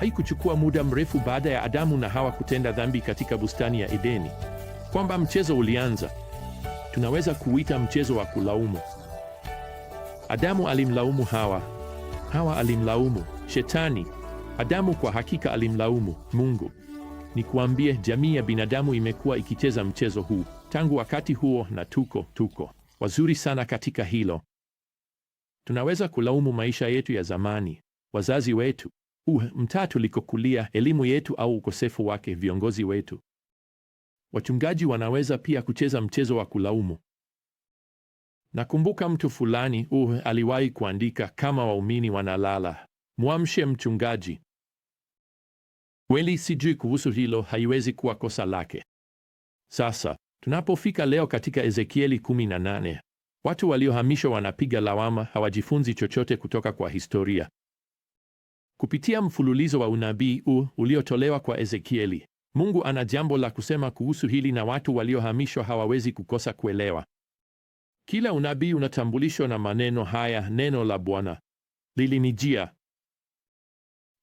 haikuchukua muda mrefu baada ya Adamu na Hawa kutenda dhambi katika bustani ya Edeni kwamba mchezo ulianza. Tunaweza kuuita mchezo wa kulaumu. Adamu alimlaumu Hawa, Hawa alimlaumu Shetani. Adamu kwa hakika alimlaumu Mungu. Nikuambie, jamii ya binadamu imekuwa ikicheza mchezo huu tangu wakati huo, na tuko tuko wazuri sana katika hilo. Tunaweza kulaumu maisha yetu ya zamani, wazazi wetu, uh, mtaa tulikokulia, elimu yetu au ukosefu wake, viongozi wetu. Wachungaji wanaweza pia kucheza mchezo wa kulaumu. Nakumbuka mtu fulani uh, aliwahi kuandika, kama waumini wanalala, mwamshe mchungaji. Kweli sijui kuhusu hilo, haiwezi kuwa kosa lake. Sasa tunapofika leo katika Ezekieli 18, watu waliohamishwa wanapiga lawama, hawajifunzi chochote kutoka kwa historia. Kupitia mfululizo wa unabii u uliotolewa kwa Ezekieli, Mungu ana jambo la kusema kuhusu hili na watu waliohamishwa hawawezi kukosa kuelewa. Kila unabii unatambulishwa na maneno haya, neno la Bwana lilinijia.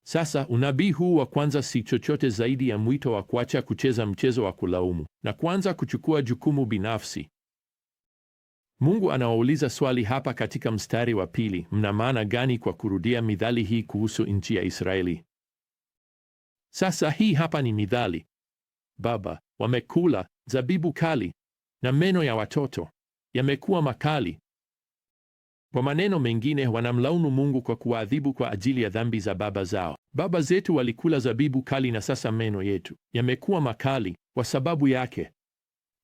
Sasa unabii huu wa kwanza si chochote zaidi ya mwito wa kuacha kucheza mchezo wa kulaumu na kuanza kuchukua jukumu binafsi. Mungu anawauliza swali hapa katika mstari wa pili, mna maana gani kwa kurudia midhali hii kuhusu nchi ya Israeli? Sasa hii hapa ni midhali: baba wamekula zabibu kali na meno ya watoto yamekuwa makali. Kwa maneno mengine, wanamlaumu Mungu kwa kuwaadhibu kwa ajili ya dhambi za baba zao. Baba zetu walikula zabibu kali na sasa meno yetu yamekuwa makali kwa sababu yake.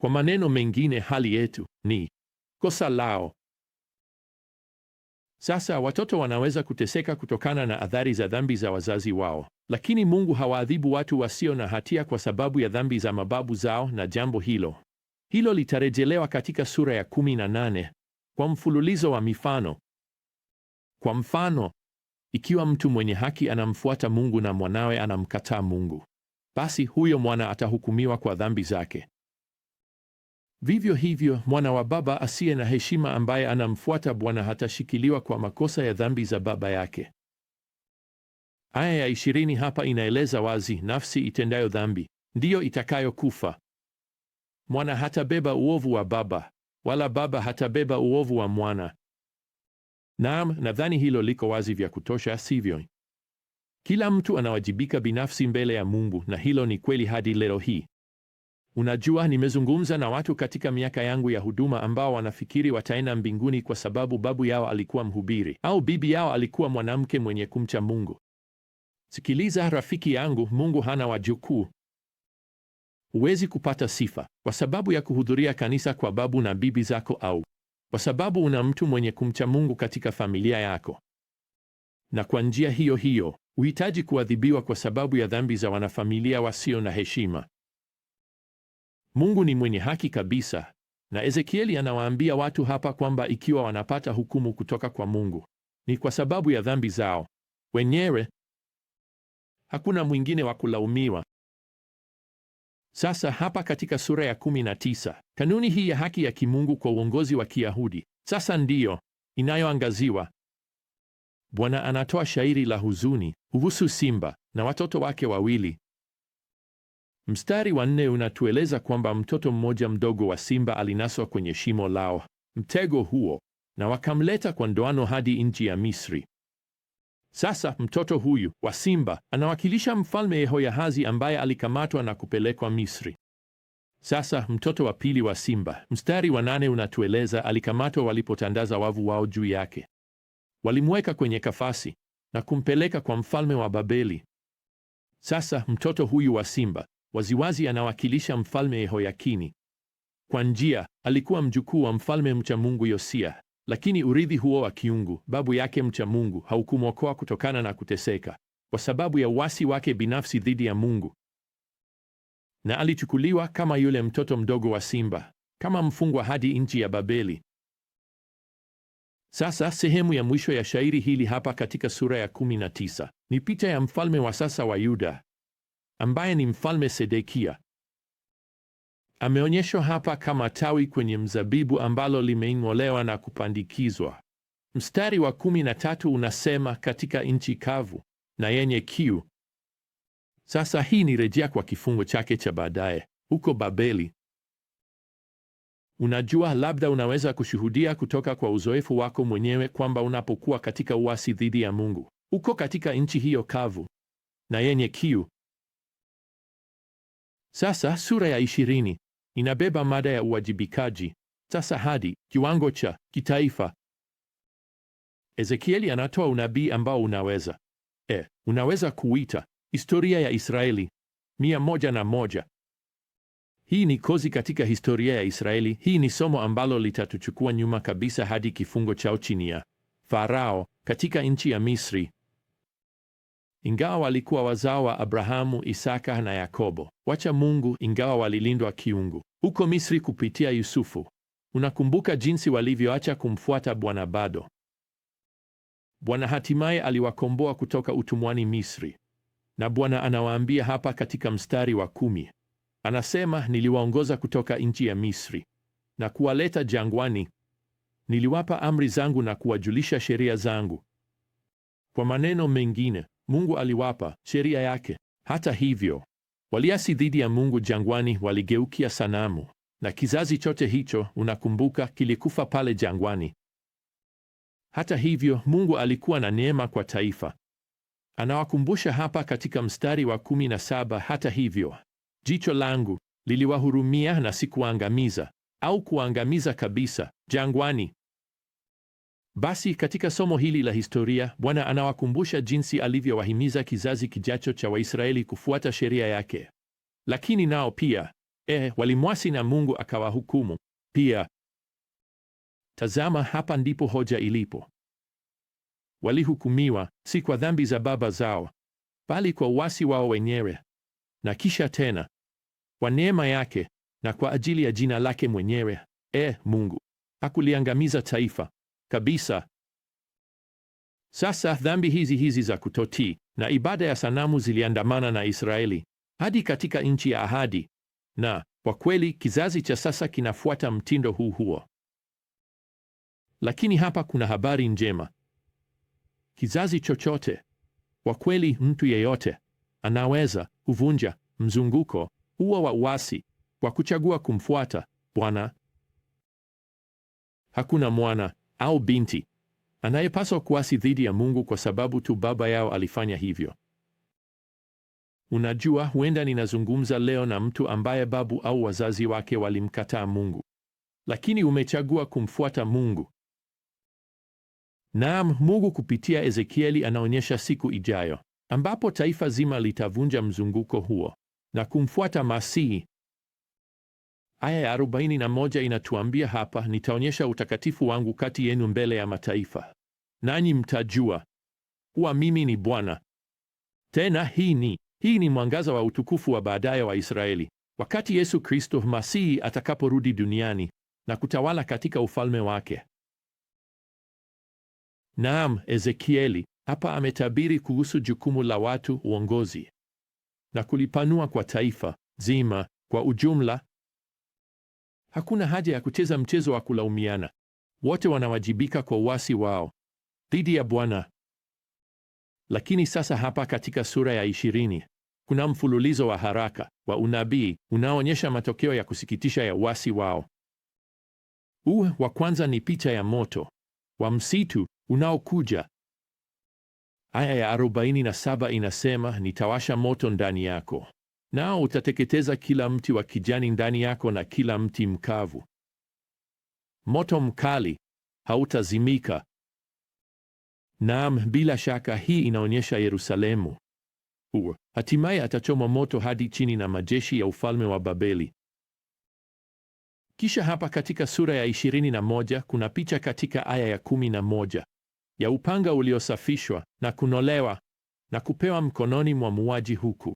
Kwa maneno mengine, hali yetu ni kosa lao. Sasa watoto wanaweza kuteseka kutokana na athari za dhambi za wazazi wao, lakini Mungu hawaadhibu watu wasio na hatia kwa sababu ya dhambi za mababu zao, na jambo hilo hilo litarejelewa katika sura ya 18 kwa mfululizo wa mifano. Kwa mfano, ikiwa mtu mwenye haki anamfuata Mungu na mwanawe anamkataa Mungu, basi huyo mwana atahukumiwa kwa dhambi zake. Vivyo hivyo, mwana wa baba asiye na heshima ambaye anamfuata Bwana hatashikiliwa kwa makosa ya dhambi za baba yake. Aya ya ishirini hapa inaeleza wazi, nafsi itendayo dhambi ndiyo itakayokufa. Mwana hatabeba uovu wa baba, wala baba hatabeba uovu wa mwana. Naam, nadhani hilo liko wazi vya kutosha, sivyo? Kila mtu anawajibika binafsi mbele ya Mungu, na hilo ni kweli hadi leo hii. Unajua, nimezungumza na watu katika miaka yangu ya huduma ambao wanafikiri wataenda mbinguni kwa sababu babu yao alikuwa mhubiri au bibi yao alikuwa mwanamke mwenye kumcha Mungu. Sikiliza rafiki yangu, Mungu hana wajukuu. Huwezi kupata sifa kwa sababu ya kuhudhuria kanisa kwa babu na bibi zako au kwa sababu una mtu mwenye kumcha Mungu katika familia yako. Na kwa njia hiyo hiyo, uhitaji kuadhibiwa kwa sababu ya dhambi za wanafamilia wasio na heshima. Mungu ni mwenye haki kabisa, na Ezekieli anawaambia watu hapa kwamba ikiwa wanapata hukumu kutoka kwa Mungu ni kwa sababu ya dhambi zao wenyewe. Hakuna mwingine wa kulaumiwa. Sasa hapa katika sura ya 19 kanuni hii ya haki ya kimungu kwa uongozi wa Kiyahudi sasa ndiyo inayoangaziwa. Bwana anatoa shairi la huzuni kuhusu simba na watoto wake wawili Mstari wa nne unatueleza kwamba mtoto mmoja mdogo wa simba alinaswa kwenye shimo lao mtego huo, na wakamleta kwa ndoano hadi nchi ya Misri. Sasa mtoto huyu wa simba anawakilisha mfalme Yehoyahazi ambaye alikamatwa na kupelekwa Misri. Sasa mtoto wa pili wa simba, mstari wa nane unatueleza alikamatwa walipotandaza wavu wao juu yake, walimweka kwenye kafasi na kumpeleka kwa mfalme wa Babeli. Sasa mtoto huyu wa simba waziwazi anawakilisha mfalme Yehoyakini. Kwa njia, alikuwa mjukuu wa mfalme mcha Mungu Yosia, lakini urithi huo wa kiungu babu yake mcha Mungu haukumwokoa kutokana na kuteseka kwa sababu ya uasi wake binafsi dhidi ya Mungu, na alichukuliwa kama yule mtoto mdogo wa simba, kama mfungwa hadi nchi ya Babeli. Sasa sehemu ya mwisho ya shairi hili hapa katika sura ya 19 ni picha ya mfalme wa sasa wa Yuda ambaye ni mfalme Sedekia. Ameonyeshwa hapa kama tawi kwenye mzabibu ambalo limeing'olewa na kupandikizwa. Mstari wa kumi na tatu unasema katika nchi kavu na yenye kiu. Sasa hii ni rejea kwa kifungo chake cha baadaye huko Babeli. Unajua, labda unaweza kushuhudia kutoka kwa uzoefu wako mwenyewe kwamba unapokuwa katika uasi dhidi ya Mungu, uko katika nchi hiyo kavu na yenye kiu. Sasa sura ya ishirini inabeba mada ya uwajibikaji, sasa hadi kiwango cha kitaifa. Ezekieli anatoa unabii ambao unaweza e, unaweza kuita historia ya Israeli mia moja na moja. Hii ni kozi katika historia ya Israeli. Hii ni somo ambalo litatuchukua nyuma kabisa hadi kifungo chao chini ya Farao katika nchi ya Misri ingawa walikuwa wazao wa Abrahamu, Isaka na Yakobo, wacha Mungu, ingawa walilindwa kiungu huko Misri kupitia Yusufu. Unakumbuka jinsi walivyoacha kumfuata Bwana bado. Bwana hatimaye aliwakomboa kutoka utumwani Misri, na Bwana anawaambia hapa katika mstari wa kumi, anasema niliwaongoza kutoka nchi ya Misri na kuwaleta jangwani, niliwapa amri zangu na kuwajulisha sheria zangu. Kwa maneno mengine, Mungu aliwapa sheria yake. Hata hivyo, waliasi dhidi ya Mungu jangwani, waligeukia sanamu, na kizazi chote hicho, unakumbuka, kilikufa pale jangwani. Hata hivyo, Mungu alikuwa na neema kwa taifa. Anawakumbusha hapa katika mstari wa kumi na saba, hata hivyo jicho langu liliwahurumia na sikuangamiza au kuangamiza kabisa jangwani. Basi katika somo hili la historia, Bwana anawakumbusha jinsi alivyowahimiza kizazi kijacho cha Waisraeli kufuata sheria yake, lakini nao pia eh, walimwasi na Mungu akawahukumu pia. Tazama, hapa ndipo hoja ilipo. Walihukumiwa si kwa dhambi za baba zao, bali kwa uasi wao wenyewe, na kisha tena kwa neema yake na kwa ajili ya jina lake mwenyewe. E, Mungu hakuliangamiza taifa kabisa. Sasa dhambi hizi hizi za kutotii na ibada ya sanamu ziliandamana na Israeli hadi katika nchi ya ahadi, na kwa kweli kizazi cha sasa kinafuata mtindo huu huo. Lakini hapa kuna habari njema. Kizazi chochote, kwa kweli mtu yeyote, anaweza kuvunja mzunguko huo wa uasi kwa kuchagua kumfuata Bwana. Hakuna mwana au binti anayepaswa kuasi dhidi ya Mungu kwa sababu tu baba yao alifanya hivyo. Unajua, huenda ninazungumza leo na mtu ambaye babu au wazazi wake walimkataa Mungu, lakini umechagua kumfuata Mungu. Naam, Mungu kupitia Ezekieli anaonyesha siku ijayo ambapo taifa zima litavunja mzunguko huo na kumfuata Masihi. Aya ya arobaini na moja inatuambia hapa, nitaonyesha utakatifu wangu kati yenu mbele ya mataifa, nanyi mtajua kuwa mimi ni Bwana. Tena hii ni hii ni mwangaza wa utukufu wa baadaye wa Israeli, wakati Yesu Kristo Masihi atakaporudi duniani na kutawala katika ufalme wake. Naam, Ezekieli hapa ametabiri kuhusu jukumu la watu, uongozi na kulipanua kwa taifa zima kwa ujumla Hakuna haja ya kucheza mchezo wa kulaumiana. Wote wanawajibika kwa uasi wao dhidi ya Bwana. Lakini sasa hapa katika sura ya ishirini kuna mfululizo wa haraka wa unabii unaoonyesha matokeo ya kusikitisha ya uasi wao. Huu wa kwanza ni picha ya moto wa msitu unaokuja. Aya ya 47 inasema, nitawasha moto ndani yako nao utateketeza kila mti wa kijani ndani yako na kila mti mkavu. Moto mkali hautazimika. Naam, bila shaka hii inaonyesha Yerusalemu hatimaye atachoma moto hadi chini na majeshi ya ufalme wa Babeli. Kisha hapa katika sura ya 21 kuna picha katika aya ya 11 ya upanga uliosafishwa na kunolewa na kupewa mkononi mwa muuaji, huku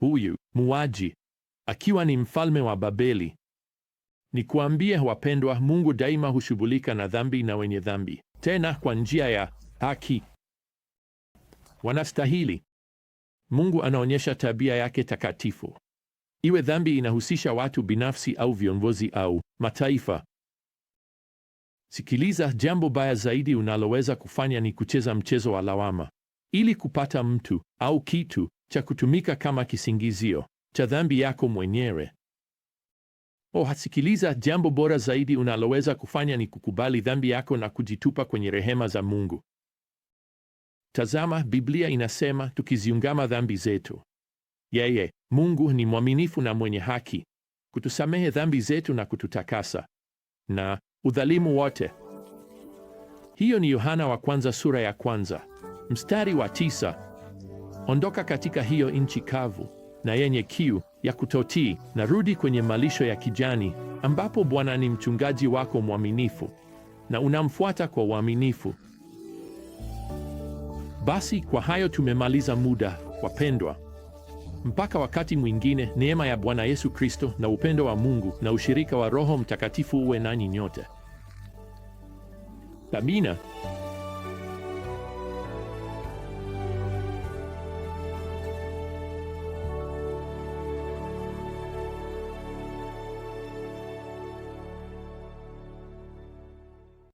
huyu muaji akiwa ni mfalme wa Babeli. Nikuambie wapendwa, Mungu daima hushughulika na dhambi na wenye dhambi, tena kwa njia ya haki wanastahili. Mungu anaonyesha tabia yake takatifu, iwe dhambi inahusisha watu binafsi au viongozi au mataifa. Sikiliza, jambo baya zaidi unaloweza kufanya ni kucheza mchezo wa lawama ili kupata mtu au kitu cha kutumika kama kisingizio cha dhambi yako mwenyewe. O hasikiliza, jambo bora zaidi unaloweza kufanya ni kukubali dhambi yako na kujitupa kwenye rehema za Mungu. Tazama, Biblia inasema tukiziungama dhambi zetu, yeye Mungu ni mwaminifu na mwenye haki kutusamehe dhambi zetu na kututakasa na udhalimu wote. Hiyo ni Yohana wa kwanza sura ya kwanza mstari wa tisa. Ondoka katika hiyo nchi kavu na yenye kiu ya kutotii, na rudi kwenye malisho ya kijani ambapo Bwana ni mchungaji wako mwaminifu na unamfuata kwa uaminifu. Basi kwa hayo tumemaliza muda, wapendwa. Mpaka wakati mwingine, neema ya Bwana Yesu Kristo na upendo wa Mungu na ushirika wa Roho Mtakatifu uwe nanyi nyote. Amina.